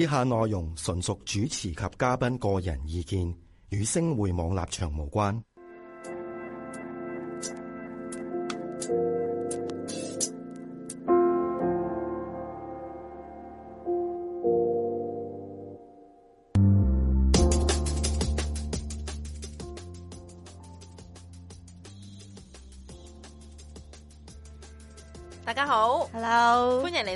以下內容純屬主持及嘉賓個人意見，與星匯網立場無關。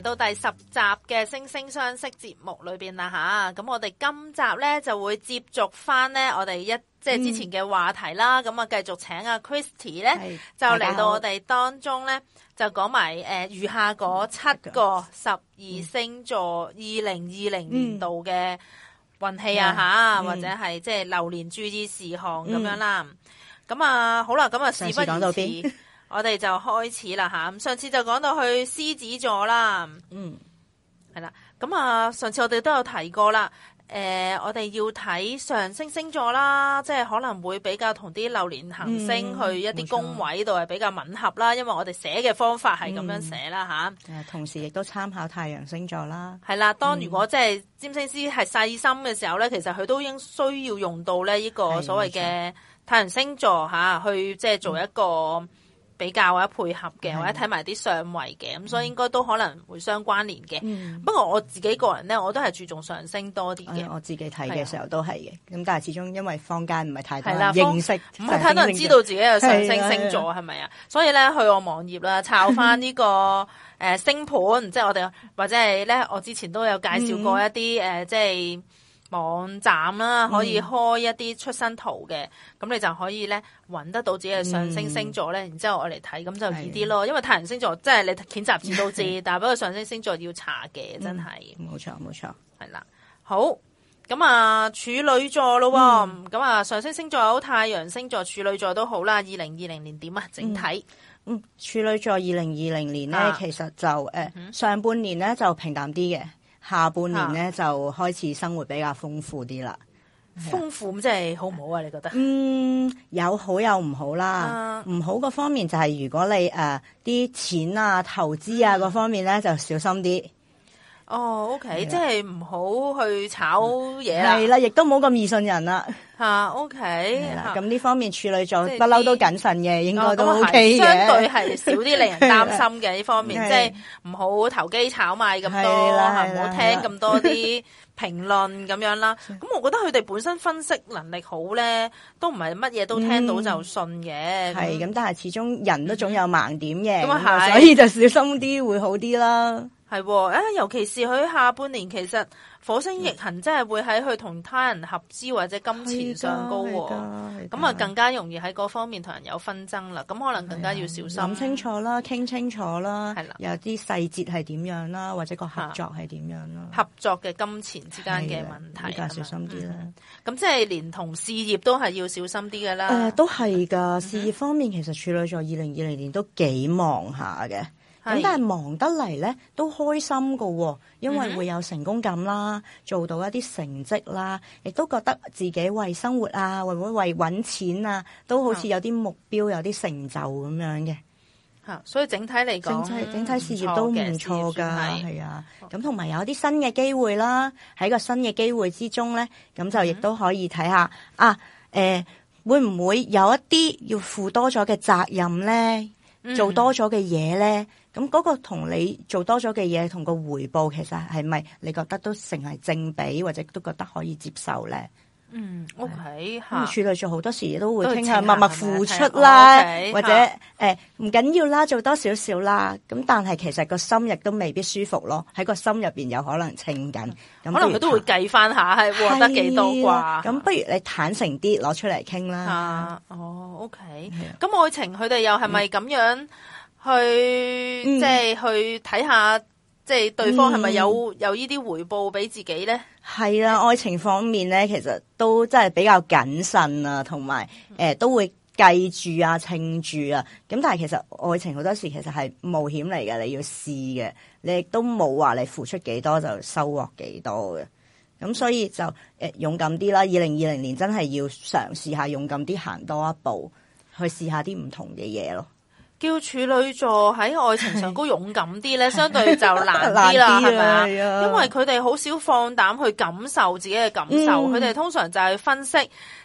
到第十集嘅《星聲相析》節目裏邊啦嚇，咁我哋今集咧就會接續翻咧我哋一即係、就是、之前嘅話題啦，咁、嗯、啊繼續請阿、啊、Christy 咧就嚟到我哋當中咧就講埋誒、呃、餘下嗰七個十二星座二零二零年度嘅運氣啊嚇、嗯，或者係即係流年注意事項咁、嗯、樣啦。咁、嗯、啊好啦，咁啊事不宜遲。 我哋就開始啦吓，上次就講到去獅子座啦，嗯，係啦。咁啊，上次我哋都有提過啦。誒、呃，我哋要睇上升星，星座啦，即係可能會比較同啲流年行星去一啲宮位度係比較吻合啦、嗯。因為我哋寫嘅方法係咁樣寫啦，吓、嗯啊。同時亦都參考太陽星座啦。係、嗯、啦，當如果即係占星師係細心嘅時候呢，其實佢都應需要用到呢呢個所謂嘅太陽星座吓、啊，去即係做一個。比較或者配合嘅，或者睇埋啲相位嘅，咁，所以應該都可能會相關聯嘅、嗯。不過我自己個人咧，我都係注重上升多啲嘅。我自己睇嘅時候都係嘅。咁但係始終因為坊間唔係太多人認識，唔係太多人知道自己嘅上升星座係咪啊？所以咧去我網頁啦，抄翻呢個誒、 呃、星盤，即係我哋或者係咧，我之前都有介紹過一啲誒、嗯呃，即係。網站啦、啊，可以開一啲出生圖嘅，咁、嗯、你就可以咧，揾得到自己嘅上升星座咧、嗯，然之後我嚟睇，咁就易啲咯。因為太陽星座即係你揀雜誌都知、嗯，但係不過上升星座要查嘅，真係。冇錯冇錯，係啦，好，咁啊，處女座咯，咁、嗯、啊，上升星座好，太陽星座、處女座都好啦。二零二零年點啊？整體，嗯，處、嗯、女座二零二零年咧、啊，其實就誒、呃嗯，上半年咧就平淡啲嘅。下半年咧就開始生活比較豐富啲啦，豐、啊啊、富即真係好唔好啊？你覺得好好、啊？嗯，有好有唔好啦，唔、啊、好個方面就係如果你誒啲、呃、錢啊、投資啊嗰方面咧就小心啲。啊嗯哦、oh，OK，即係唔好去炒嘢啦係啦，亦都冇咁易信人啦。吓 ，OK，咁呢方面處女座不嬲都謹慎嘅、哦，應該都 OK 嘅。相對係少啲令人擔心嘅呢 方面，即係唔好投機炒賣咁多，吓唔好聽咁多啲評論咁樣啦。咁我覺得佢哋本身分析能力好咧， 都唔係乜嘢都聽到就信嘅。係、嗯、咁，但係始終人都總有盲點嘅，咁、嗯、啊所以就小心啲會好啲啦。係，誒、啊，尤其是佢下半年，其實火星逆行真係會喺佢同他人合資或者金錢上高，咁啊更加容易喺嗰方面同人有紛爭啦。咁可能更加要小心，諗清楚啦，傾清楚啦，係啦，有啲細節係點樣啦，或者個合作係點樣啦，合作嘅金錢之間嘅問題加小心啲啦。咁、嗯嗯、即係連同事業都係要小心啲噶啦。誒、呃，都係噶、嗯，事業方面其實處女座二零二零年都幾忙下嘅。咁但係忙得嚟咧，都開心噶、哦，因為會有成功感啦，做到一啲成績啦，亦都覺得自己為生活啊，為為揾錢啊，都好似有啲目標，有啲成就咁樣嘅。吓，所以整體嚟講，整體整體事業都唔錯噶，係啊。咁同埋有啲新嘅機會啦，喺個新嘅機會之中咧，咁就亦都可以睇下、嗯、啊。誒、欸，會唔會有一啲要負多咗嘅責任咧、嗯？做多咗嘅嘢咧？咁、那、嗰個同你做多咗嘅嘢，同個回報其實係咪你覺得都成係正比，或者都覺得可以接受咧？嗯，我睇吓，處女座好多時都會傾默默付出啦，啊、okay, 或者誒唔緊要啦，做多少少啦。咁但係其實個心亦都未必舒服咯。喺個心入邊有可能清緊，可能佢都會計翻下係獲得幾多啩？咁、啊啊、不如你坦誠啲攞出嚟傾啦。啊、哦，OK。咁、嗯、愛情佢哋又係咪咁樣？嗯去即係去睇下，即係、嗯、對方係咪有、嗯、有呢啲回報俾自己咧？係啦，愛情方面咧，其實都真係比較謹慎啊，同埋誒都會計住啊、稱住啊。咁但係其實愛情好多時其實係冒險嚟嘅，你要試嘅，你亦都冇話你付出幾多就收穫幾多嘅。咁所以就誒勇敢啲啦，二零二零年真係要嘗試下勇敢啲行多一步，去試下啲唔同嘅嘢咯。叫處女座喺愛情上高勇敢啲咧，相對就難啲啦，係咪 啊？因為佢哋好少放膽去感受自己嘅感受，佢、嗯、哋通常就係分析。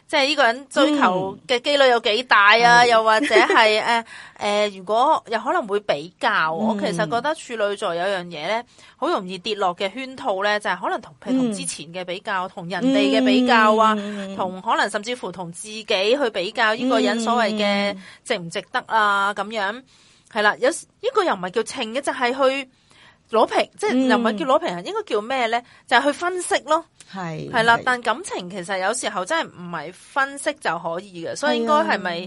即係呢個人追求嘅幾率有幾大啊，嗯？又或者係誒誒，如果又可能會比較，嗯、我其實覺得處女座有樣嘢咧，好容易跌落嘅圈套咧，就係、是、可能同譬如同之前嘅比較，同、嗯、人哋嘅比較啊，同、嗯、可能甚至乎同自己去比較呢個人所謂嘅值唔值得啊咁樣，係啦，有、這、呢個又唔係叫稱嘅，就係、是、去。攞平，即係又唔係叫攞平、嗯，應該叫咩咧？就係、是、去分析咯，係係啦是。但感情其實有時候真係唔係分析就可以嘅、啊，所以應該係咪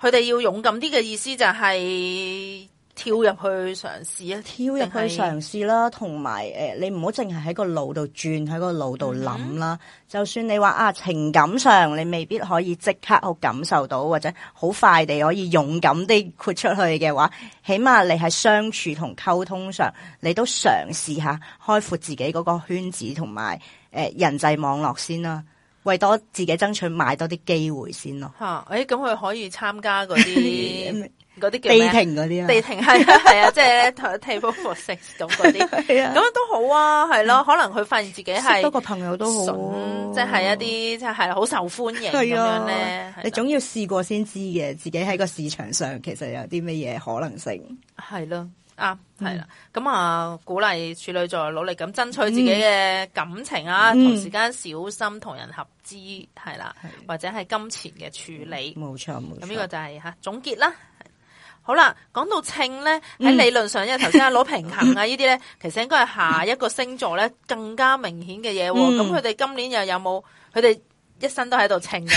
佢哋要勇敢啲嘅意思就係、是？跳入去嘗試啊，跳入去嘗試啦，同埋誒，你唔好淨係喺個腦度轉，喺個腦度諗啦。就算你話啊，情感上你未必可以即刻好感受到，或者好快地可以勇敢地豁出去嘅話，起碼你係相處同溝通上，你都嘗試下開闊自己嗰個圈子同埋誒人際網絡先啦，為多自己爭取買多啲機會先咯。吓、啊，誒、哎，咁佢可以參加嗰啲。 啲叫咩？地停嗰啲啊，地停係係啊，啊，即係、啊、 table for six 咁嗰啲，都、 啊、好啊，係咯、啊嗯。可能佢發現自己係多個朋友都好、啊，即、就、係、是、一啲即係好受歡迎樣咧、啊啊啊。你總要試過先知嘅，自己喺個市場上其實有啲乜嘢可能性。係咯、啊，啊，係啦、啊。咁、嗯嗯、啊，鼓勵處女座努力咁爭取自己嘅感情啊，嗯、同時間小心同人合資，係啦、啊嗯，或者係金錢嘅處理。冇錯，咁呢個就係吓、啊、總結啦。好啦，講到稱咧，喺理論上，因為頭先攞平衡啊，呢啲咧，其實應該係下一個星座咧更加明顯嘅嘢。咁佢哋今年又有冇？佢哋一生都喺度稱嘅。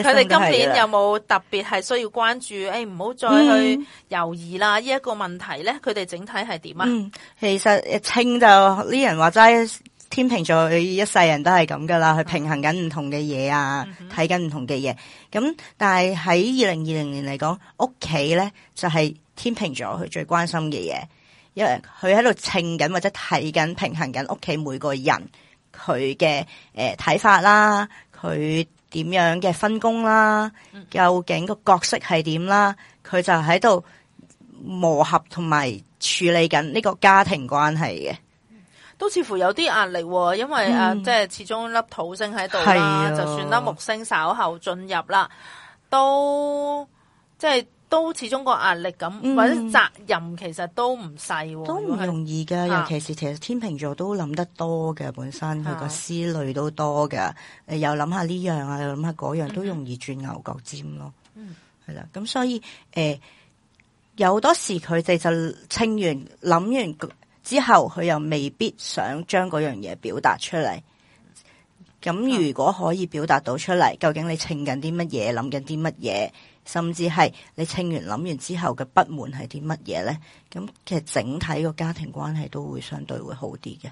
佢 哋今年有冇特別係需要關注？誒、哎，唔好再去猶豫啦！呢一個問題咧，佢、嗯、哋整體係點啊？其實稱就呢人話齋。天秤座一世人都係咁噶啦，佢平衡緊唔同嘅嘢啊，睇緊唔同嘅嘢。咁但係喺二零二零年嚟講，屋企咧就係天秤座佢最關心嘅嘢，因為佢喺度稱緊或者睇緊平衡緊屋企每個人佢嘅誒睇法啦，佢點樣嘅分工啦，究竟個角色係點啦，佢就喺度磨合同埋處理緊呢個家庭關係嘅。都似乎有啲壓力、哦，因為即、啊、係、嗯、始終粒土星喺度啦，就算粒木星稍後進入啦，都即係都始終個壓力咁、嗯，或者責任其實都唔細、啊，都唔容易噶、啊。尤其是其實天秤座都諗得多嘅，本身佢個思慮都多嘅，誒、啊、又諗下呢樣啊，又諗下嗰樣、嗯，都容易轉牛角尖咯。係、嗯、啦，咁所以誒、呃，有多時佢哋就清完諗完。之後佢又未必想將嗰樣嘢表達出嚟，咁如果可以表達到出嚟，究竟你傾緊啲乜嘢，諗緊啲乜嘢，甚至係你傾完諗完之後嘅不滿係啲乜嘢咧？咁其實整體個家庭關係都會相對會好啲嘅。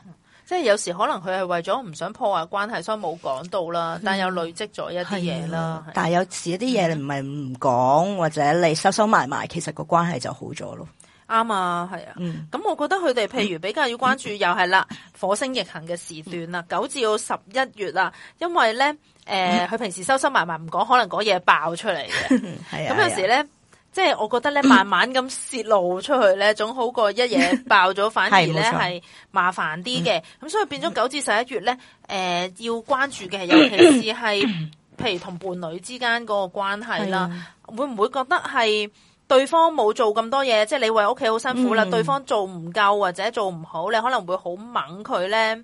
即係有時可能佢係為咗唔想破壞關係，所以冇講到啦，但又累積咗一啲嘢啦。但係有時一啲嘢你唔係唔講，或者你收收埋埋、嗯，其實個關係就好咗咯。啱啊，係啊，咁、嗯、我覺得佢哋譬如比較要關注，又係啦，火星逆行嘅時段啦，九、嗯、至到十一月啦，因為咧，誒、呃，佢、嗯、平時收收埋埋唔講，可能嗰嘢爆出嚟嘅，係、嗯、啊，咁有時咧、嗯，即係我覺得咧、嗯，慢慢咁泄露出去咧，總好過一嘢爆咗、嗯，反而咧係麻煩啲嘅，咁、嗯、所以變咗九至十一月咧，誒、呃，要關注嘅、嗯，尤其是係、嗯、譬如同伴侶之間嗰個關係啦、嗯啊，會唔會覺得係？對方冇做咁多嘢，即係你為屋企好辛苦啦、嗯。對方做唔夠或者做唔好，你可能會好猛佢咧。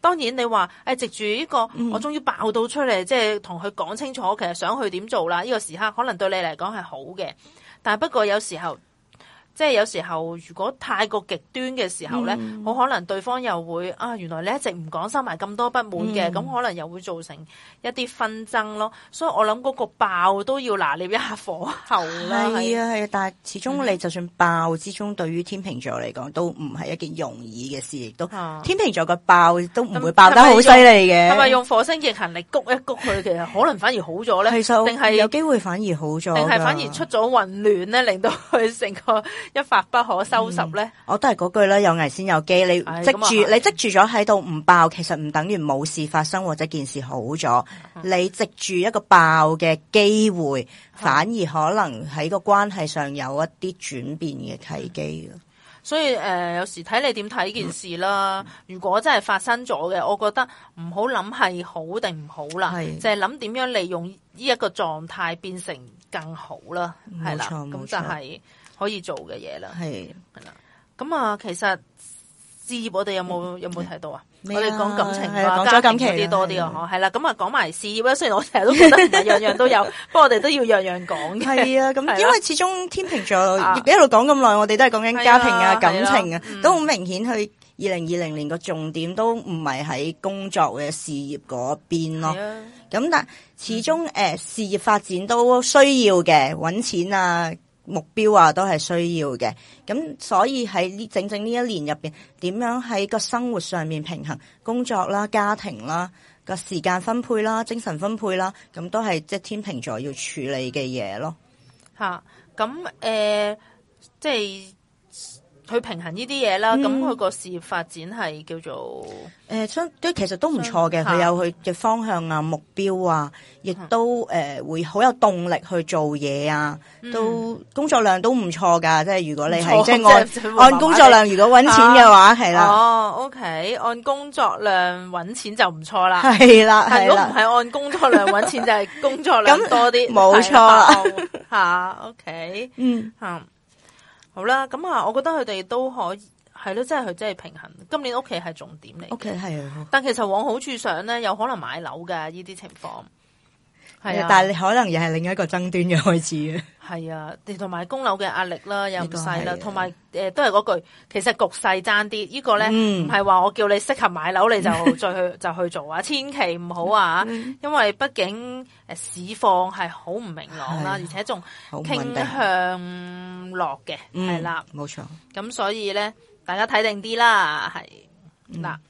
當然你話誒，藉住呢個、嗯，我終於爆到出嚟，即係同佢講清楚，其實想去點做啦。呢個時刻可能對你嚟講係好嘅，但係不過有時候。即係有時候如果太過極端嘅時候咧，好、嗯、可能對方又會啊，原來你一直唔講收埋咁多不滿嘅，咁、嗯、可能又會造成一啲紛爭咯。所以我諗嗰個爆都要拿捏一下火候啦。係啊係啊，啊，但係始終你就算爆之中，對於天秤座嚟講、嗯、都唔係一件容易嘅事，亦、嗯、都天秤座個爆都唔會爆得好犀利嘅。係咪用，用火星逆行力焗一焗佢其實可能反而好咗咧，定係有機會反而好咗，定係反而出咗混亂咧，令到佢成個。一發不可收拾咧、嗯，我都係嗰句啦，有危先有機。你積住，嗯嗯、你積住咗喺度唔爆，其實唔等於冇事發生或者件事好咗、嗯。你積住一個爆嘅機會，反而可能喺個關係上有一啲轉變嘅契機、嗯。所以誒、呃，有時睇你點睇件事啦、嗯。如果真係發生咗嘅，我覺得唔好諗係好定唔好啦，就係諗點樣利用呢一個狀態變成更好、嗯、啦。係啦，咁就係、是。可以做嘅嘢啦，係係啦。咁、嗯、啊，其實事業我哋有冇有冇睇、嗯、到啊？我哋講感情講感情啲多啲啊。係啦，咁啊，講埋事業啦。雖然我成日都覺得唔係樣樣都有，不 過我哋都要樣樣講嘅。係啊，咁因為始終天秤座、啊、一路講咁耐，我哋都係講緊家庭啊、感情啊，嗯、都好明顯去二零二零年個重點都唔係喺工作嘅事業嗰邊咯。咁但始終誒、嗯呃，事業發展都需要嘅搵錢啊。目標啊，都係需要嘅，咁所以喺呢整整呢一年入邊，點樣喺個生活上面平衡工作啦、家庭啦個時間分配啦、精神分配啦，咁都係即係天秤座要處理嘅嘢咯。吓、啊，咁誒、呃，即係。去平衡呢啲嘢啦，咁佢個事業發展係叫做誒，相都其實都唔錯嘅。佢、嗯、有佢嘅方向啊、嗯，目標啊、亦、嗯、都誒、呃、會好有動力去做嘢啊，都、嗯、工作量都唔錯㗎。即係如果你係即係按按，按工作量、嗯、如果搵錢嘅話，係、啊、啦。哦，OK，按工作量搵錢就唔錯啦。係啦，係如果唔係按工作量搵錢 就係工作量多啲，冇錯吓、 啊。OK，嗯。好啦，咁啊，我覺得佢哋都可以係咯，即係佢即係平衡。今年屋企係重點嚟，屋企係啊，但其實往好處想咧，有可能買樓嘅呢啲情況。係、啊，但係你可能又係另一個爭端嘅開始嘅。係啊，同埋供樓嘅壓力啦，又唔細啦，同埋誒，都係嗰句，其實局勢爭啲，這個、呢個咧唔係話我叫你適合買樓你就再去 就去做啊，千祈唔好啊， 因為畢竟誒市況係好唔明朗啦，啊、而且仲傾向落嘅，係、嗯、啦，冇錯。咁所以咧，大家睇定啲啦，係嗱。嗯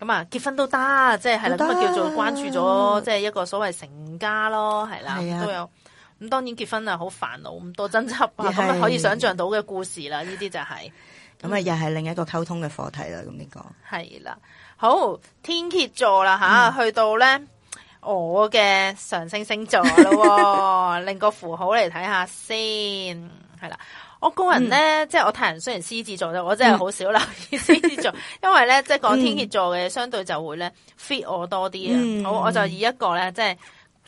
咁啊，結婚都得，即係係啦，咁啊叫做關注咗，即係一個所謂成家咯，係啦，都有。咁當然結婚啊，好煩惱咁多爭執啊，咁啊可以想象到嘅故事啦，呢啲就係、是。咁啊、嗯，又係另一個溝通嘅課題啦，咁呢個，係啦，好天蠍座啦，吓、嗯，去到咧我嘅上升星，星座咯， 另一個符號嚟睇下先，係啦。我個人咧、嗯，即係我睇人，雖然獅子座咧、嗯，我真係好少留意獅子座，嗯，因為咧，即係講天蠍座嘅，嗯，相對就會咧 fit 我多啲啊，嗯。好，我就以一個咧，即係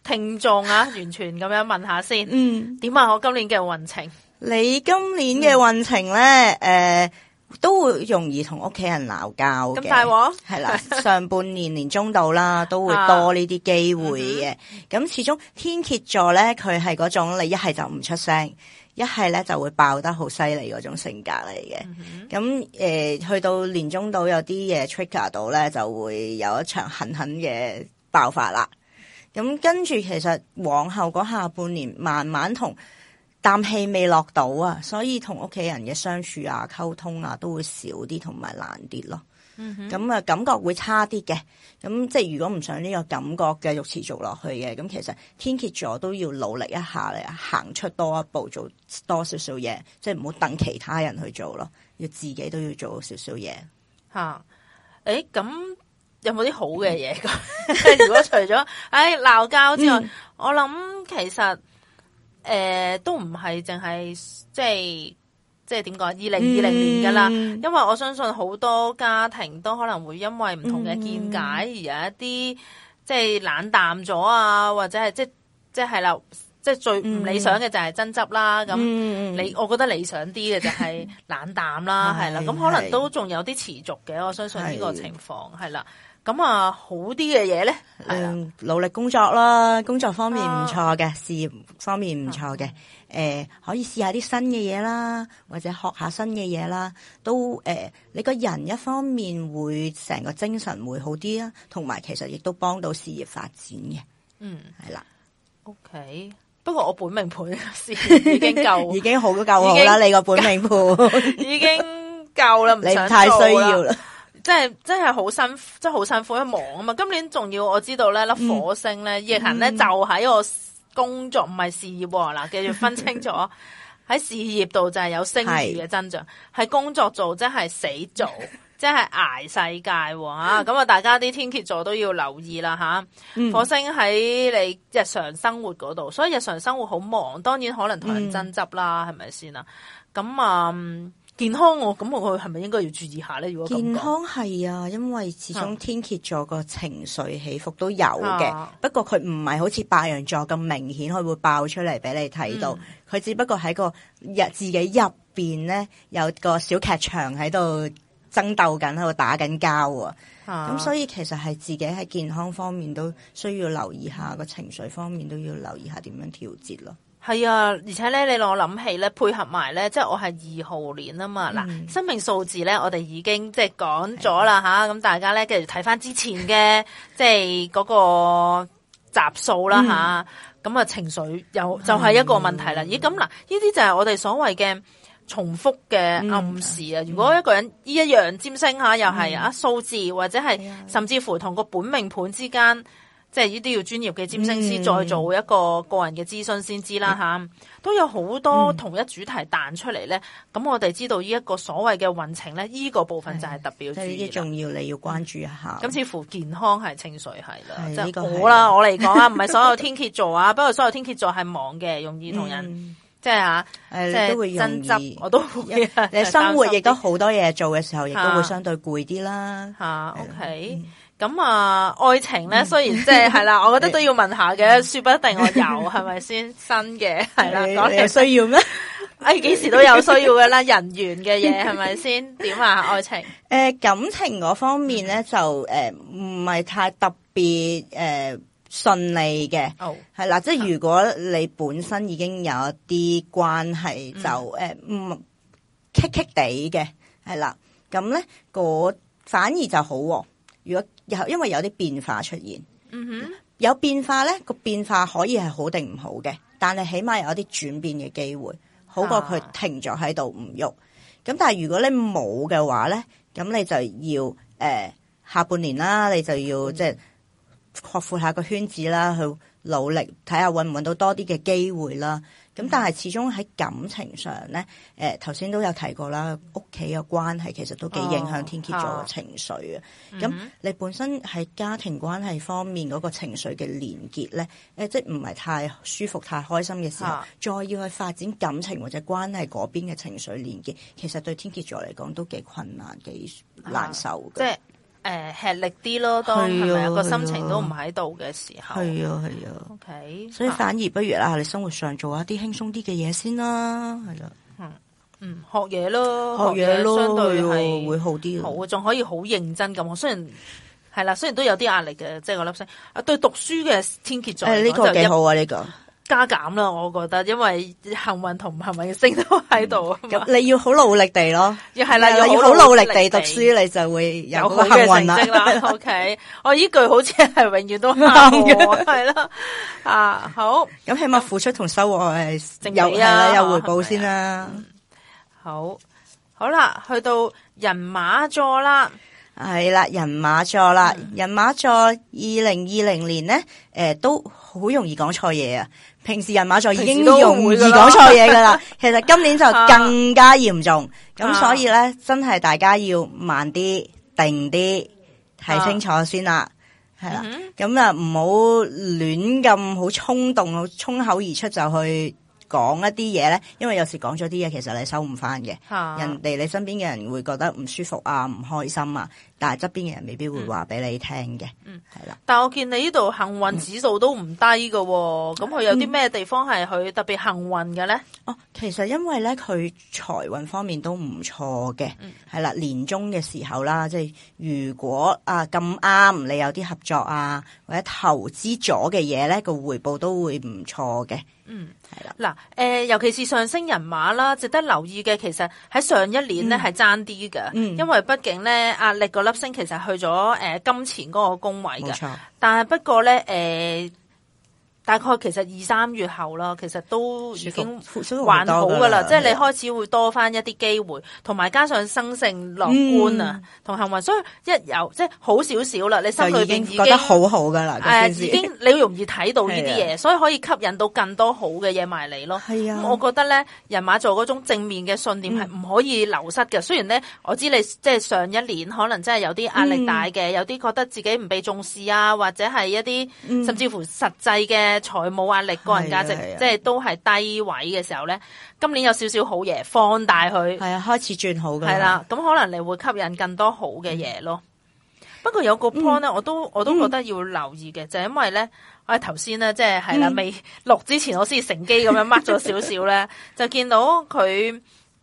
聽眾啊，完全咁樣問下先。嗯，點啊？我今年嘅運程，你今年嘅運程咧，誒、嗯呃，都會容易同屋企人鬧交嘅。咁大鑊？係啦，上半年年中度啦， 都會多機會、啊、呢啲機會嘅。咁始終天蠍座咧，佢係嗰種你一係就唔出聲。一係咧就會爆得好犀利嗰種性格嚟嘅，咁、嗯呃、去到年中到有啲嘢 trigger 到咧，就會有一場狠狠嘅爆發啦。咁跟住其實往後嗰下半年慢慢同。啖氣未落到啊，所以同屋企人嘅相處啊、溝通啊，都會少啲同埋難啲咯。咁、嗯、啊、嗯，感覺會差啲嘅。咁、嗯、即係如果唔想呢個感覺繼續持續落去嘅，咁、嗯、其實天蠍座都要努力一下嚟，行出多一步，做多少少嘢，即係唔好等其他人去做咯，要自己都要做少少嘢。吓、啊，誒、欸，咁有冇啲好嘅嘢？ 如果除咗誒鬧交之外，嗯、我諗其實。誒、呃，都唔係淨係即係即係點講？二零二零年噶啦、嗯，因為我相信好多家庭都可能會因為唔同嘅見解而有一啲、嗯、即係冷淡咗啊，或者係即係即係啦，即係最唔理想嘅就係爭執啦。咁你、嗯、我覺得理想啲嘅就係冷淡啦，係 啦。咁可能都仲有啲持續嘅，我相信呢個情況係啦。咁啊，好啲嘅嘢咧，努力工作啦，哎、工作方面唔錯嘅、啊，事業方面唔錯嘅，誒、嗯呃，可以試下啲新嘅嘢啦，或者學下新嘅嘢啦，都誒、呃，你個人一方面會成個精神會好啲啦，同埋其實亦都幫到事業發展嘅，嗯，係啦，OK，不過我本命盤先已經夠， 已經好夠好啦，你個本命盤 已經夠啦，你唔太需要啦。即係，真係好辛苦，即係好辛苦，一忙啊嘛！今年仲要我知道咧，粒火星咧，逆、嗯、行咧、嗯，就喺我工作唔係事業嗱、啊，繼續分清楚喺 事業度就係有升職嘅增長，喺工作做即係死做， 即係捱世界吓，咁啊，嗯、大家啲天蠍座都要留意啦、啊、吓、嗯，火星喺你日常生活嗰度，所以日常生活好忙，當然可能同人爭執啦，係咪先啊？咁啊。健康我咁我係咪應該要注意下咧？如果健康係啊，因為始終天蠍座個情緒起伏都有嘅，不過佢唔係好似白羊座咁明顯，佢會爆出嚟俾你睇到。佢、嗯、只不過喺個日自己入邊咧，有個小劇場喺度爭鬥緊，喺度打緊交啊。咁所以其實係自己喺健康方面都需要留意下，個情緒方面都要留意下點樣調節咯。係啊，而且咧，你令我諗起咧，配合埋咧，即係我係二號年啊嘛，嗱、嗯，生命數字咧，我哋已經即係講咗啦吓，咁、啊、大家咧，繼續睇翻之前嘅 即係嗰個集數啦吓，咁、嗯、啊情緒又就係、是、一個問題啦，咦咁嗱，呢、啊、啲就係我哋所謂嘅重複嘅暗示啊、嗯，如果一個人呢一、嗯、樣占星吓、啊，又係啊、嗯、數字或者係甚至乎同個本命盤之間。即係呢啲要專業嘅占星師再做一個個人嘅諮詢先知啦吓、嗯啊，都有好多同一主題彈出嚟咧。咁、嗯、我哋知道呢一個所謂嘅運程咧，呢、這個部分就係特別、嗯就是、重要，你要關注一下。咁、嗯、似乎健康係清水係啦，即係、這個、好啦，我嚟講啊，唔係所有天蠍座啊， 不過所有天蠍座係忙嘅，容易同人即係吓，即係、啊就是啊、爭執，我都會你生活亦都好多嘢做嘅時候，亦都會相對攰啲啦。吓、啊啊、，OK、嗯。咁啊，愛情咧，嗯、雖然即係係啦，我覺得都要問下嘅，嗯、說不定我有係咪先新嘅係啦，講起需要咩？誒、哎，幾時都有需要噶啦， 人緣嘅嘢係咪先？點啊，愛情誒，感情嗰方面咧就誒唔係太特別誒順利嘅，係、哦、啦，即係如果你本身已經有一啲關係，就誒唔棘棘地嘅係啦，咁咧個反而就好、啊，如果因為有啲變化出現，嗯、哼有變化咧，個變化可以係好定唔好嘅，但係起碼有一啲轉變嘅機會，好過佢停咗喺度唔喐。咁、啊、但係如果你冇嘅話咧，咁你就要誒、呃、下半年啦，你就要即係擴闊下個圈子啦，去努力睇下搵唔搵到多啲嘅機會啦。咁但係始終喺感情上咧，誒頭先都有提過啦，屋企嘅關係其實都幾影響天蝎座嘅情緒啊。咁、哦、你本身喺家庭關係方面嗰、嗰個情緒嘅連結咧、嗯，即係唔係太舒服、太開心嘅時候、哦，再要去發展感情或者關係嗰邊嘅情緒連結，其實對天蠍座嚟講都幾困難、幾難受嘅。哦誒、呃，吃力啲咯，當係咪有個心情都唔喺度嘅時候，係啊係啊，啊，啊，OK，所以反而不如啦，你生活上做一啲輕鬆啲嘅嘢先啦，係啦、啊，嗯、啊、嗯，學嘢咯，學嘢咯，相對係、啊、會好啲，好啊，仲可以好認真咁我雖然係啦，雖然都有啲壓力嘅，即係我粒聲，啊，對讀書嘅天蠍座，誒、欸、呢、這個幾好啊，呢、這個。加減啦，我覺得，因為幸運同唔幸運星都喺度。嗯、你要好努力地咯，係啦，要好努力地讀書，你就會有好幸運有成績啦。 OK，我、oh, 呢句好似係永遠都啱嘅，係 啦。啊，好，咁起碼付出同收穫係有嘅，有回報先啦、嗯。好好啦，去到人馬座啦。係啦，人馬座啦，嗯，人馬座二零二零年呢，誒、呃，都好容易講錯嘢啊！平時人馬座已經都容易講錯嘢噶啦， 其實今年就更加嚴重，咁，啊、所以呢，真係大家要慢啲，定啲，睇清楚先啦，係啦，咁啊，唔好亂咁好衝動，好衝口而出就去，講一啲嘢咧，因為有時講咗啲嘢，其實你收唔翻嘅。人哋你身邊嘅人會覺得唔舒服啊，唔開心啊，但係側邊嘅人未必會話俾你聽嘅。嗯，係啦、嗯。但係我見你呢度幸運指數都唔低喎。咁、嗯、佢有啲咩地方係佢特別幸運嘅咧？哦，其實因為咧佢財運方面都唔錯嘅。係係啦，年終嘅時候啦，即係如果啊咁啱，你有啲合作啊或者投資咗嘅嘢咧，個回報都會唔錯嘅。嗯。係啦，嗱，誒、呃，尤其是上升人馬啦，值得留意嘅，其實喺上一年咧係爭啲嘅，因為畢竟咧壓力嗰粒星其實去咗誒、呃、金錢嗰個宮位嘅，冇錯，但係不過咧，誒、呃。大概其實二三月後啦，其實都已經還好噶啦，即係你開始會多翻一啲機會，同埋加上生性樂觀啊，同、嗯、幸運，所以一有即係好少少啦，你心裏已，已經覺得好好噶啦、啊，已經你好容易睇到呢啲嘢，所以可以吸引到更多好嘅嘢埋嚟咯。係啊，我覺得咧，人馬座嗰種正面嘅信念係唔可以流失嘅、嗯。雖然咧，我知你即係上一年可能真係有啲壓力大嘅、嗯，有啲覺得自己唔被重視啊，或者係一啲甚至乎實際嘅。財務壓力，個人價值即係都係低位嘅時候咧。今年有少少好嘢，放大佢係啊，開始轉好噶啦。咁可能你會吸引更多好嘅嘢咯、嗯。不過有個 point 咧、嗯，我都我都覺得要留意嘅、嗯，就係、是、因為咧、哎嗯，我頭先咧即係係啦，未錄之前我先乘機咁樣 mark 咗少少咧，就見到佢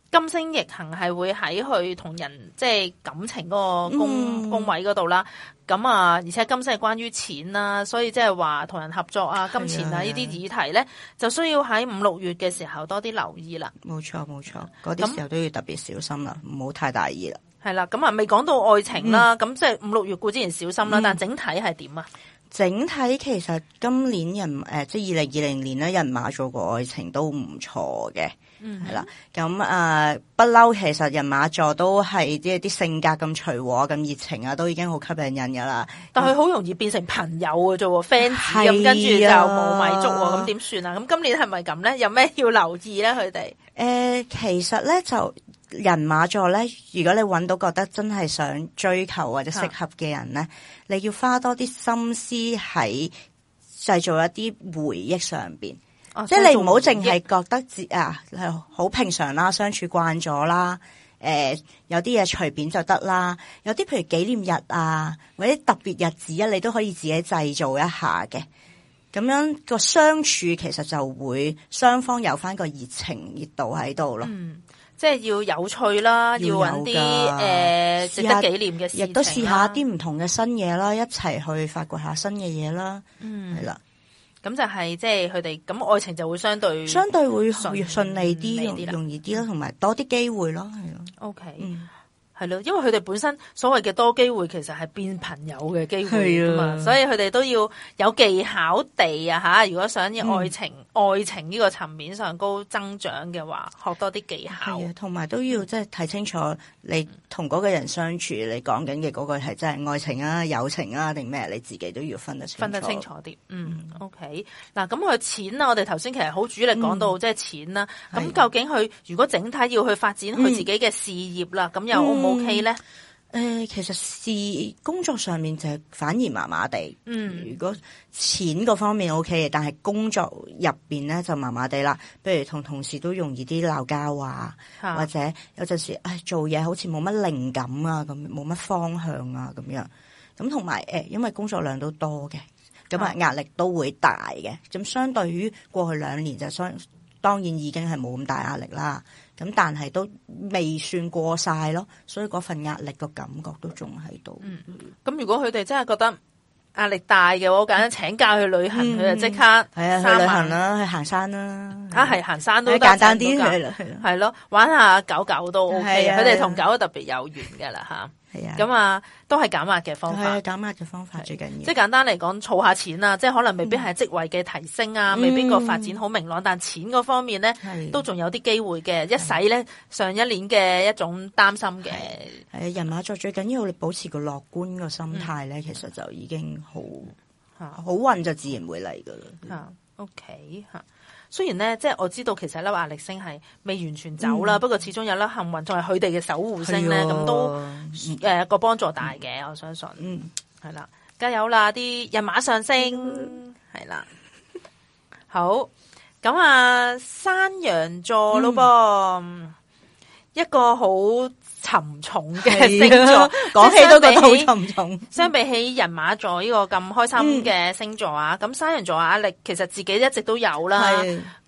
金星逆行係會喺佢同人即係感情嗰個宮宮、嗯、位嗰度啦。咁啊，而且金星係關於錢啦、啊，所以即係話同人合作啊、金錢啊呢啲議題咧，就需要喺五六月嘅時候多啲留意啦。冇錯冇錯，嗰啲時候都要特別小心啦，唔好太大意啦。係啦，咁啊未講到愛情啦，咁即係五六月固之前小心啦。但整體係點啊？嗯整體其實今年人誒，即係二零二零年咧，人馬座嘅愛情都唔錯嘅，係、嗯、啦。咁啊，不嬲，其實人馬座都係即係啲性格咁隨和、咁熱情啊，都已經好吸引人噶啦。但係佢好容易變成朋友嘅啫，friend 咁跟住就冇米粥，咁點算啊？咁今年係咪咁咧？有咩要留意咧？佢哋誒，其實咧就。人馬座咧，如果你揾到覺得真係想追求或者適合嘅人咧，啊、你要花多啲心思喺製造一啲回憶上邊、啊，即係你唔好淨係覺得自啊，係好平常啦，相處慣咗啦，誒、呃，有啲嘢隨便就得啦，有啲譬如紀念日啊，或者特別日子啊，你都可以自己製造一下嘅。咁樣個相處其實就會雙方有翻個熱情熱度喺度咯。嗯即係要有趣啦，要搵啲誒值得紀念嘅事，亦都試下啲唔同嘅新嘢啦，一齊去發掘下新嘅嘢啦。嗯，係啦，咁就係、是、即係佢哋咁愛情就會相對相對會順利啲，容易啲啦，同埋多啲機會咯。係啊，OK，係、嗯、咯，因為佢哋本身所謂嘅多機會其實係變朋友嘅機會啊嘛，所以佢哋都要有技巧地啊吓，如果想要愛情。嗯愛情呢個層面上高增長嘅話，學多啲技巧，係啊，同埋都要即係睇清楚你同嗰個人相處，嗯、你講緊嘅嗰個係真係愛情啊、友情啊，定咩？你自己都要分得清楚。分得清楚啲，嗯,嗯，OK。嗱，咁佢錢啊，我哋頭先其實好主力講到即係、嗯即係、錢啦。咁究竟佢如果整體要去發展佢自己嘅事業啦，咁、嗯、又 O 唔 OK 咧？嗯嗯誒、呃，其實事工作上面就係反而麻麻地。嗯，如果錢嗰方面 O K 嘅，但係工作入邊咧就麻麻地啦。譬如同同事都容易啲鬧交啊，或者有陣時誒、哎、做嘢好似冇乜靈感啊，咁冇乜方向啊，咁樣。咁同埋誒，因為工作量都多嘅，咁啊壓力都會大嘅。咁相對於過去兩年就相當然已經係冇咁大壓力啦。咁但係都未算過晒咯所以嗰份壓力個感覺都仲喺度。嗯，咁、嗯、如果佢哋真係覺得壓力大嘅，我揀請假去旅行，佢、嗯、就即刻係啊去旅行啦，去行山啦。啊，係行山都可以簡單啲噶，係咯，玩下狗狗都 OK。佢哋同狗都特別有緣噶啦吓。咁啊，都係減壓嘅方法。係減壓嘅方法最緊要，即係簡單嚟講，儲下錢啊，即係可能未必係職位嘅提升啊、嗯，未必個發展好明朗，嗯、但錢嗰方面咧，都仲有啲機會嘅。一洗咧，上一年嘅一種擔心嘅。誒，人馬座最緊要，你保持個樂觀嘅心態咧、嗯，其實就已經好，好運就自然會嚟噶啦。吓，OK 吓。雖然咧，即係我知道，其實嗰粒壓力星係未完全走啦、嗯，不過始終有粒幸運作為佢哋嘅守護星咧，咁都係一個幫助大嘅、嗯，我相信。嗯，係啦，加油啦！啲人馬上升，係、嗯、啦，好，咁啊，山羊座咯噃、嗯，一個好，沉重嘅星座，講起都覺得好沉重。相比起人馬座呢個咁開心嘅星座啊，咁山羊座壓力其實自己一直都有啦。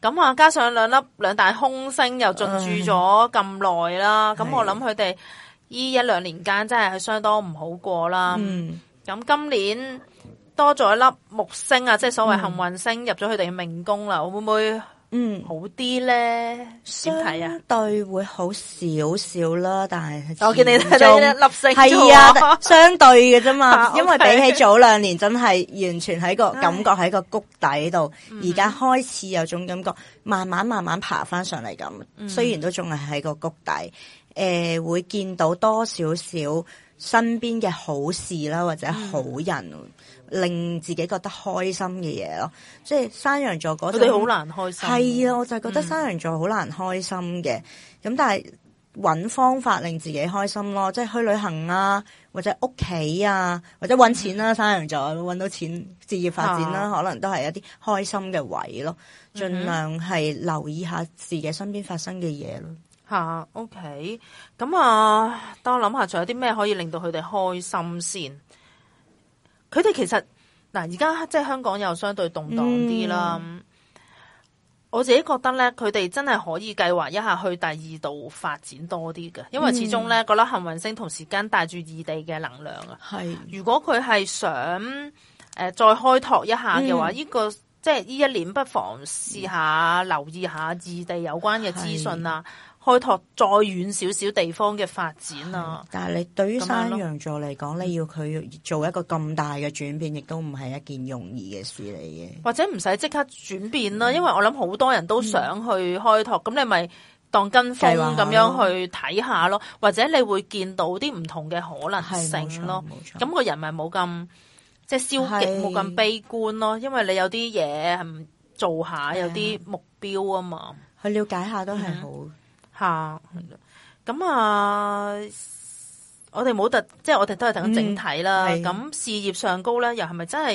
咁啊，加上兩粒兩大空星又進駐咗咁耐啦，咁我諗佢哋呢一兩年間真係係相當唔好過啦。咁今年多咗一粒木星啊，即係所謂幸運星入咗佢哋嘅命宮啦，會唔會？嗯，好啲咧，相對會好少少啦，但係我見你睇到粒係啊，相對嘅啫嘛， okay. 因為比起早兩年，真係完全喺個感覺喺個谷底度，而家開始有種感覺，慢慢慢慢爬翻上嚟咁、嗯，雖然都仲係喺個谷底，誒、呃，會見到多少少。身邊嘅好事啦，或者好人、嗯，令自己覺得開心嘅嘢咯，即係山羊座嗰，佢哋好難開心。係啊，我就係覺得山羊座好難開心嘅，咁、嗯、但係搵方法令自己開心咯，即係去旅行啊，或者屋企啊，或者搵錢啦、啊，山羊座搵到錢，事業發展啦、啊嗯，可能都係一啲開心嘅位咯，盡量係留意下自己身邊發生嘅嘢咯。吓，OK，咁啊，okay，等我諗下仲有啲咩可以令到佢哋開心先。佢哋其實嗱，而家即係香港又相對動盪啲啦。我自己覺得咧，佢哋真係可以計劃一下去第二度發展多啲嘅，因為始終咧、嗯，覺得幸運星同時間帶住異地嘅能量啊。係，如果佢係想誒、呃、再開拓一下嘅話，呢、嗯這個即係呢一年不妨試下留意下異地有關嘅資訊啊。開拓再遠少少地方嘅發展啊！但係你對於山羊座嚟講，你要佢做一個咁大嘅轉變，亦都唔係一件容易嘅事嚟嘅。或者唔使即刻轉變咯、嗯，因為我諗好多人都想去開拓，咁、嗯、你咪當跟風咁樣去睇下咯、咯。或者你會見到啲唔同嘅可能性咯。咁個人咪冇咁即係消極，冇咁悲觀咯。因為你有啲嘢係做下，有啲目標啊嘛。去了解下都係好、嗯。咁、嗯、啊、嗯嗯，我哋冇特，即係我哋都係等緊整體啦。咁、嗯、事業上高咧，又係咪真係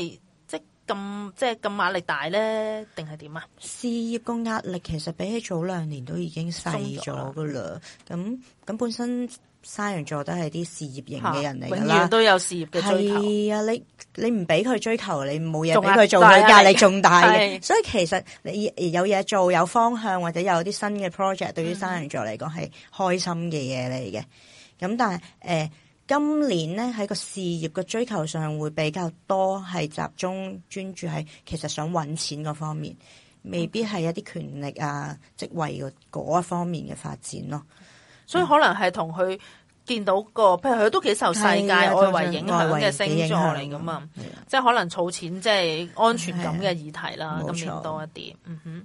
即咁，即咁壓力大咧，定係點啊？事業個壓力其實比起早兩年都已經細咗噶啦。咁咁本身。山羊座都係啲事業型嘅人嚟噶啦，啊、都有事業嘅追求。係啊，你你唔俾佢追求，你冇嘢俾佢做，佢壓力仲大嘅、啊。所以其實你有嘢做、有方向或者有啲新嘅 project，對於山羊座嚟講係開心嘅嘢嚟嘅。咁、嗯、但係誒、呃，今年咧喺個事業嘅追求上會比較多，係集中專注喺其實想揾錢嗰方面，未必係一啲權力啊、職位個嗰一方面嘅發展咯。所以可能係同佢見到個，譬如佢都幾受世界外圍影響嘅星座嚟噶嘛，即係可能儲錢即係安全感嘅議題啦。咁多一啲，嗯哼。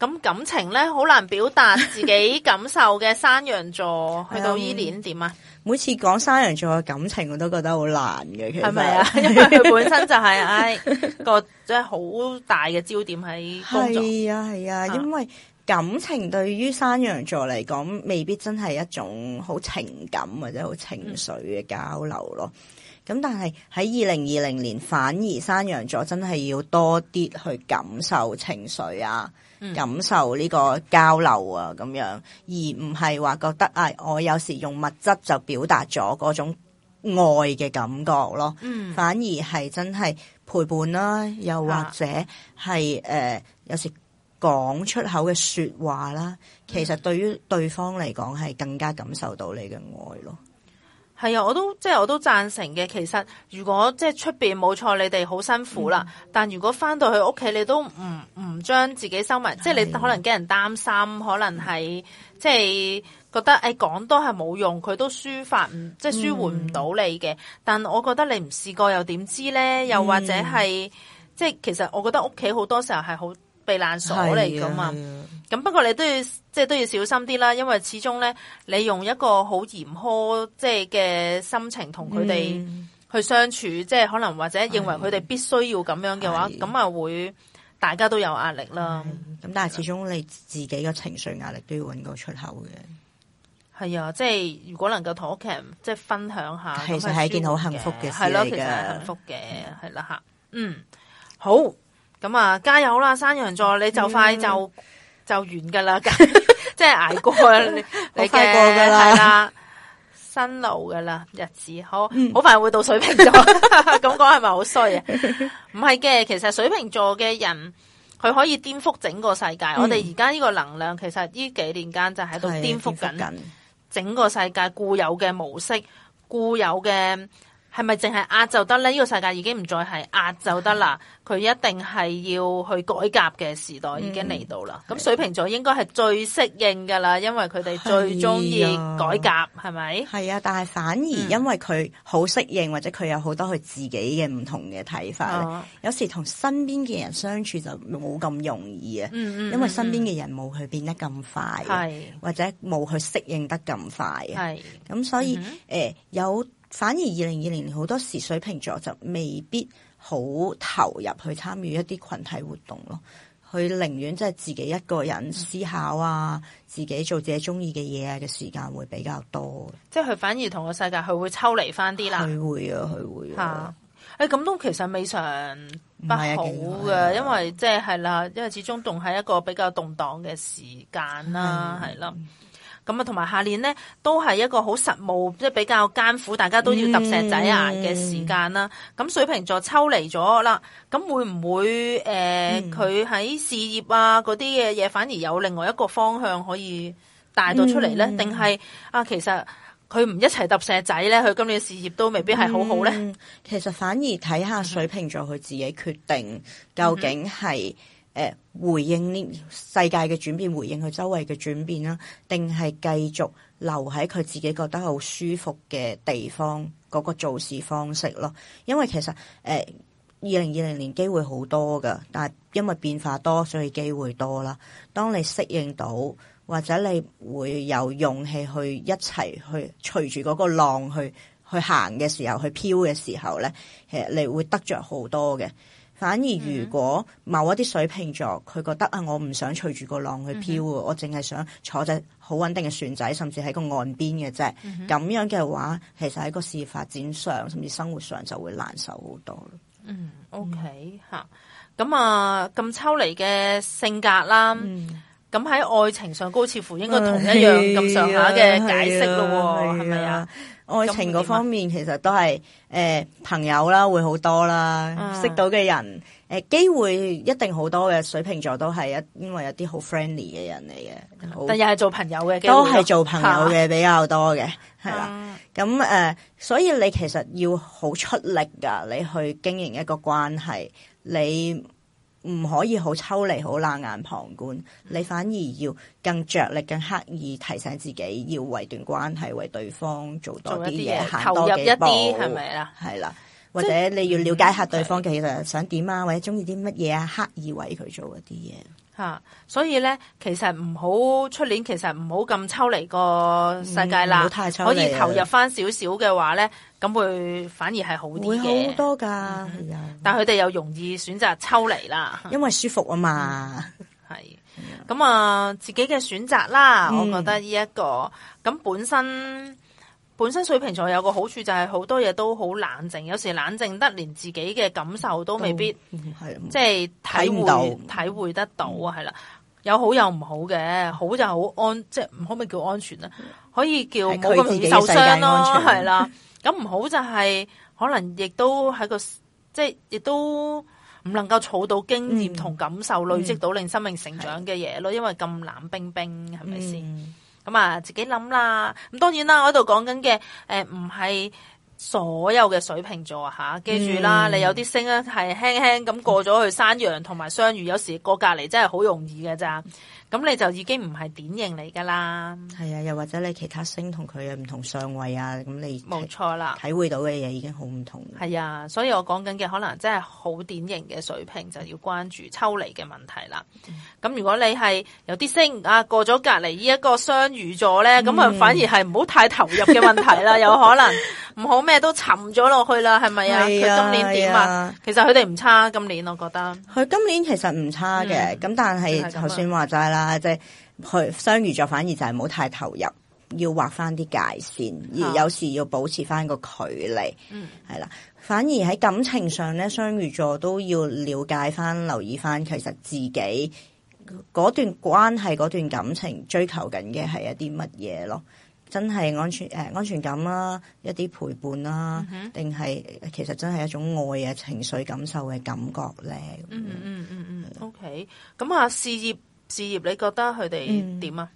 咁感情咧，好難表達自己感受嘅山羊座， 去到依年點啊、嗯？每次講山羊座嘅感情，我都覺得好難嘅。其實，係咪啊？因為佢本身就係、是、唉 個即係好大嘅焦點喺工作啊，係啊，因為。感情對於山羊座嚟講未必真係一種好情感或者好情緒嘅交流咯。咁、嗯、但係，喺二零二零年，反而山羊座真係要多啲去感受情緒啊、嗯，感受呢個交流啊，咁樣，而唔係話覺得啊、哎，我有時用物質就表達咗嗰種愛嘅感覺咯。嗯，反而係真係陪伴啦，又或者係誒、啊呃、有時。講出口嘅説話啦，其實對於對方嚟講係更加感受到你嘅愛咯。係啊，我都即係我都贊成嘅。其實如果即係出邊冇錯，你哋好辛苦啦、嗯。但如果翻到去屋企，你都唔唔將自己收埋，即係你可能驚人擔心，可能係、嗯、即係覺得誒講多係冇用，佢都抒發唔即係舒緩唔到你嘅、嗯。但我覺得你唔試過又點知咧？又或者係、嗯、即係其實我覺得屋企好多時候係好避難所嚟㗎嘛？咁不過你都要即係、就是、都要小心啲啦，因為始終咧，你用一個好嚴苛即係嘅心情同佢哋去相處，嗯、即係可能或者認為佢哋必須要咁樣嘅話，咁啊會大家都有壓力啦。咁但係始終你自己嘅情緒壓力都要揾個出口嘅。係啊，即係如果能夠同屋企人即係分享一下，其實係一件好幸福嘅事。係咯，其實係幸福嘅，係啦吓，嗯，好。咁啊，加油啦！山羊座，你就快就就完噶啦，即係挨過，你， 你快過噶啦，係啦，辛勞噶啦，日子好，好、嗯、快會到水瓶座。咁講係咪好衰啊？唔係嘅，其實水瓶座嘅人，佢可以顛覆整個世界。嗯、我哋而家呢個能量，其實呢幾年間就喺度顛覆緊整個世界，個世界，個世界固有嘅模式，固有嘅。係咪淨係壓就得咧？呢、這個世界已經唔再係壓就得啦，佢一定係要去改革嘅時代已經嚟到啦。咁、嗯、水瓶座應該係最適應噶啦，因為佢哋最中意改革，係咪？係啊，但係反而因為佢好適應、嗯，或者佢有好多佢自己嘅唔同嘅睇法、哦。有時同身邊嘅人相處就冇咁容易啊、嗯嗯嗯，因為身邊嘅人冇佢變得咁快，或者冇佢適應得咁快。係咁，所以誒、嗯欸、有。反而二零二零年好多時，水瓶座就未必好投入去參與一啲群體活動咯，佢寧願即係自己一個人思考啊，自己做自己中意嘅嘢啊嘅時間會比較多。嗯、即係佢反而同個世界佢會抽離翻啲啦。佢會啊，佢會啊。嚇！咁、欸、都其實未嘗不好嘅，因為即係係啦，因為始終仲係一個比較動盪嘅時間啦，係、嗯、啦。咁啊，同埋下年咧都係一個好實務，即係比較艱苦，大家都要揼石仔啊嘅時間啦。咁、嗯、水瓶座抽離咗啦，咁會唔會誒，佢、呃、喺、嗯、事業啊嗰啲嘅嘢，反而有另外一個方向可以帶到出嚟咧？定、嗯、係啊，其實佢唔一齊揼石仔咧，佢今年嘅事業都未必係好好咧，嗯。其實反而睇下水瓶座佢自己決定究竟係。誒回應呢世界嘅轉變，回應佢周圍嘅轉變啦，定係繼續留喺佢自己覺得好舒服嘅地方嗰個做事方式咯。因為其實誒二零二零年機會好多噶，但係因為變化多，所以機會多啦。當你適應到，或者你會有勇氣去一齊去隨住嗰個浪去去行嘅時候，去漂嘅時候咧，其實你會得着好多嘅。反而如果某一啲水瓶座佢覺得啊，我唔想隨住個浪去漂嘅、嗯，我淨係想坐一隻好穩定嘅船仔，甚至喺個岸邊嘅啫。咁、嗯、樣嘅話，其實喺個事業發展上，甚至生活上就會難受好多咯。嗯，OK 嚇、嗯，咁啊咁抽離嘅性格啦。嗯咁喺愛情上高似乎應該同一樣咁上下嘅解釋咯，係、哎、咪啊，啊，啊？愛情嗰方面其實都係誒、呃、朋友啦，會好多啦，嗯、識到嘅人誒機、呃、會一定好多嘅。水瓶座都係一因為有啲好 friendly 嘅人嚟嘅，但又係做朋友嘅，都係做朋友嘅比較多嘅，係、啊、啦。咁、嗯、誒、嗯，所以你其實要好出力噶你去經營一個關係，你。唔可以好抽離、好冷眼旁觀、嗯，你反而要更着力、更刻意提醒自己，要為段關係、為對方做多啲嘢，行多幾步，係咪啦？係啦，或者你要了解下對方其實想點啊、嗯，或者中意啲乜嘢啊，刻意為佢做啲嘢。啊！所以咧，其實唔好出年，其實唔好咁抽離個世界啦。嗯、太抽離了，可以投入翻少少嘅話咧，咁會反而係好啲嘅。會好多㗎、嗯，但係佢哋又容易選擇抽離啦，因為舒服啊嘛。係、嗯、咁、嗯、啊，自己嘅選擇啦，嗯、我覺得呢、這、一個咁本身。本身水瓶座有個好處就係好多嘢都好冷靜，有時冷靜得連自己嘅感受都未必，嗯、係即係體會到體會得到啊，係、嗯、啦，有好有唔好嘅，好就好安，即係可唔可以叫安全咧？可以叫冇咁易受傷咯，係啦。咁唔 好就係可能亦都喺個即係亦都唔能夠儲到經驗同感受、嗯、累積到令生命成長嘅嘢咯，因為咁冷冰冰係咪先？是不是嗯咁啊，自己諗啦。咁當然啦，我喺度講緊嘅，誒，唔係所有嘅水瓶座吓，記住啦，嗯、你有啲星咧係輕輕咁過咗去山羊同埋雙魚，有時過隔籬真係好容易嘅咋。咁你就已經唔係典型嚟噶啦，係啊，又或者你其他星同佢嘅唔同相位啊，咁你冇錯啦，體會到嘅嘢已經好唔同。係啊，所以我講緊嘅可能真係好典型嘅水平，就要關注抽離嘅問題啦。咁、嗯、如果你係有啲星啊過咗隔籬呢一個雙魚座咧，咁、嗯、啊反而係唔好太投入嘅問題啦，嗯、有可能。 唔好咩都沉咗落去啦，係咪啊？佢今年點啊？其實佢哋唔差，今年我覺得佢今年其實唔差嘅，咁、嗯、但係頭先話齋啦，即係佢雙魚座反而就係唔好太投入，要劃翻啲界線、啊，而有時要保持翻個距離，係、嗯、啦。反而喺感情上咧，雙魚座都要了解翻、留意翻，其實自己嗰段關係、嗰段感情追求緊嘅係一啲乜嘢咯。真係安全誒安全感啦，一啲陪伴啦，定、嗯、係其實真係一種愛嘅情緒感受嘅感覺咧。嗯嗯嗯嗯 O K. 咁啊，事業事業，你覺得佢哋點啊？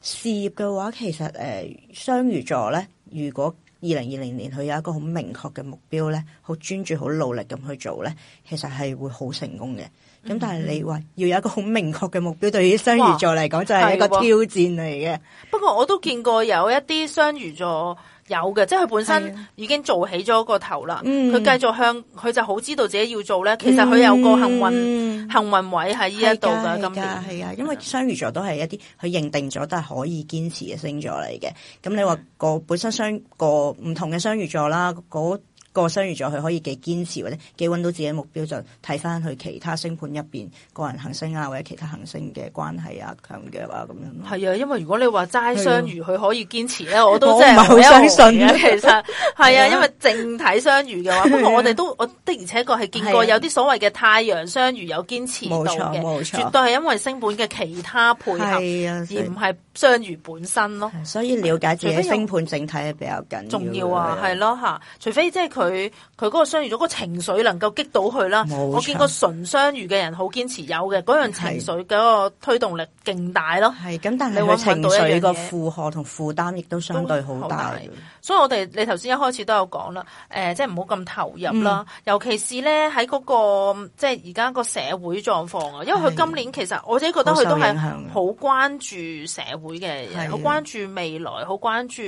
事業嘅話，其實誒雙魚座咧，如果二零二零年佢有一個好明確嘅目標咧，好專注，好努力咁去做咧，其實係會好成功嘅。咁、嗯、但係你話要有一個好明確嘅目標，對於雙魚座嚟講就係一個挑戰嚟嘅。不過我都見過有一啲雙魚座有嘅，即係佢本身已經做起咗個頭啦。佢繼續向佢就好知道自己要做呢、嗯。其實佢有個幸運、嗯、幸運位喺呢一度噶，咁樣係啊，因為雙魚座都係一啲佢認定咗，都係可以堅持嘅星座嚟嘅。咁你話個本身雙個唔同嘅雙魚座啦，嗰。個雙魚座佢可以幾堅持，或者幾揾到自己目標就睇翻佢其他星盤入邊個人行星啊，或者其他行星嘅關係啊強嘅話咁樣。係啊，因為如果你話齋雙魚佢可以堅持咧、啊，我都真係好相，相信。其實係啊，啊，因為正體雙魚嘅話，咁、啊、我哋都我的而且確係見過有啲所謂嘅太陽雙魚有堅持到嘅、啊，絕對係因為星盤嘅其他配合，是啊、是而唔係雙魚本身咯。所以了解自己星盤整體係比較緊重，重要啊，係咯吓，除非即係佢。佢佢個雙魚咗，個情緒能夠激到佢啦。我見過純雙魚嘅人好堅持有，有嘅嗰樣情緒嗰個推動力勁大咯。係咁，但係佢情緒個負荷同負擔亦都相對大、嗯、好大。所以我哋你頭先一開始都有講啦，誒、呃，即係唔好咁投入啦、嗯。尤其是咧喺嗰個即係而家個社會狀況啊，因為佢今年其實我自己覺得佢都係好關注社會嘅，好關注未來，好關注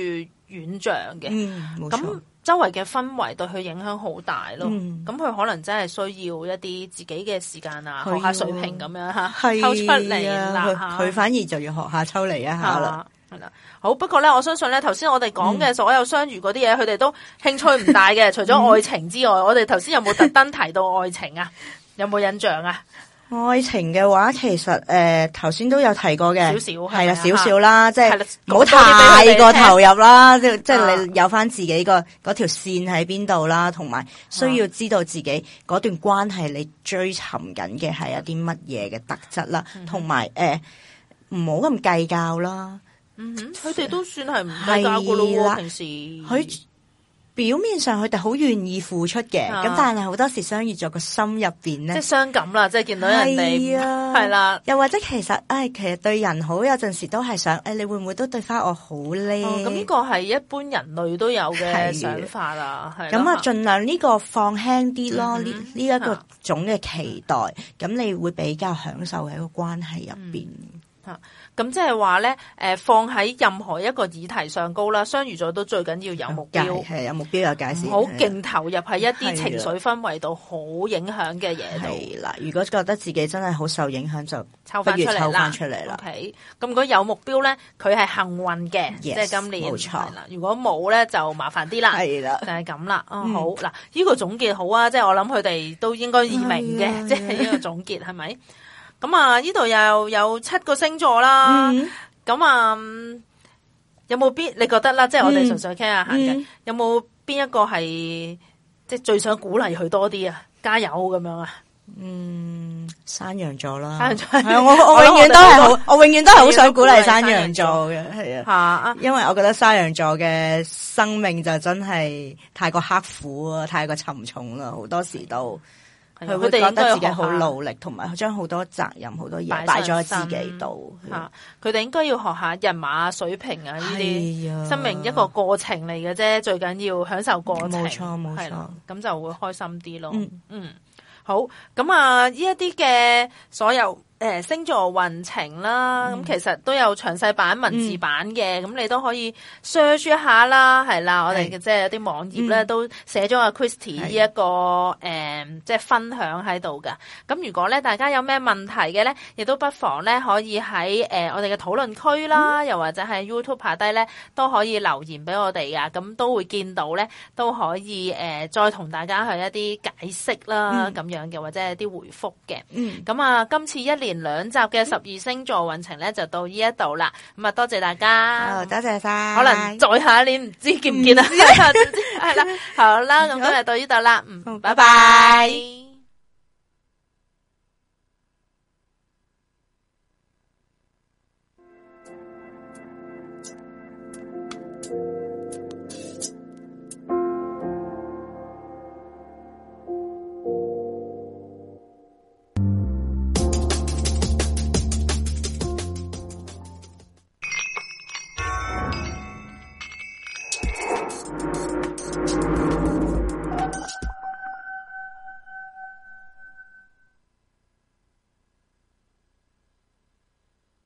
遠象嘅。嗯，周圍嘅氛圍對佢影響好大咯，咁、嗯、佢可能真係需要一啲自己嘅時間啊，學下水平咁樣吓，抽、啊、出嚟佢反而就要學下抽離一下啦。係啦，好，不過咧，我相信咧，頭先我哋講嘅所有相遇嗰啲嘢，佢、嗯、哋都興趣唔大嘅，除咗愛情之外， 嗯、我哋頭先有冇特登提到愛情啊？有冇印象啊？愛情嘅話，其實誒，頭、呃、先都有提過嘅，係啦，少少啦，即係唔好太過投入啦，即即係你有翻自己個嗰條線喺邊度啦，同、啊、埋需要知道自己嗰段關係你追尋緊嘅係一啲乜嘢嘅特質啦，同埋誒，唔好咁計較啦。嗯哼，佢哋都算係唔計較噶咯，平時佢。表面上佢哋好願意付出嘅，咁、啊、但係好多時相遇咗個心入邊咧，即係傷感啦，即係見到人哋係啊，係 啦、啊。又或者其實，唉、哎，其實對人好有陣時都係想，唉、哎，你會唔會都對翻我好呢？」哦，咁呢個係一般人類都有嘅想法啊。係，咁啊，盡量呢個放輕啲咯，呢呢一個種嘅期待，咁、啊、你會比較享受喺個關係入邊。嗯。咁即係話咧，誒，放喺任何一個議題上高啦，雙魚座都最緊要有目標，係有目標有解釋，好勁投入喺一啲情緒氛圍度好影響嘅嘢度。啦，如果覺得自己真係好受影響，就抽翻出嚟啦。翻出嚟啦。咁如果有目標咧，佢係幸運嘅，即、yes, 係今年冇錯啦。如果冇咧，就麻煩啲啦。係、嗯、啦，就係咁啦。好嗱、呢、這個總結好啊，即、就、係、是、我諗佢哋都應該耳明嘅，即係呢個總結係咪？咁啊，呢度又有七個星座啦。咁、mm -hmm. 啊，有冇邊你覺得啦？Mm -hmm. 即係我哋純粹傾下行嘅，有冇邊一個係即係最想鼓勵佢多啲啊？加油咁樣啊！嗯，山羊座啦，係啊，我我永遠都係好，我永遠都係好想鼓勵山羊座嘅，係啊，吓，因為我覺得山羊座嘅生命就真係太過刻苦啊，太過沉重啦，好多時都。佢哋覺得自己好努力，同埋將好多責任好多嘢擺咗喺自己度。佢哋應該要學下、嗯、該要學下人馬水平啊！呢啲、啊、生命一個過程嚟嘅啫，最緊要享受過程，冇錯冇錯，咁就會開心啲咯、嗯。嗯，好。咁啊，呢一啲嘅所有。誒，星座運程啦，咁、嗯、其實都有詳細版文字版嘅，咁、嗯、你都可以 search 一下啦，係、嗯、啦，我哋嘅即係有啲網頁咧、嗯、都寫咗阿 Christy 呢、這、一個誒即係分享喺度噶。咁如果咧大家有咩問題嘅咧，亦都不妨咧可以喺誒、呃、我哋嘅討論區啦、嗯，又或者喺 YouTube 下低咧都可以留言俾我哋啊，咁都會見到咧，都可以誒、呃、再同大家去一啲解釋啦，咁、嗯、樣嘅或者係啲回覆嘅。咁、嗯、啊，今次一年。前兩集嘅十二星座運程咧就到呢一度啦，咁啊多謝大家，哦、多謝晒，可能再下一年唔知見唔見啊，係啦， 好啦，咁今日到呢度啦，嗯，拜拜。拜拜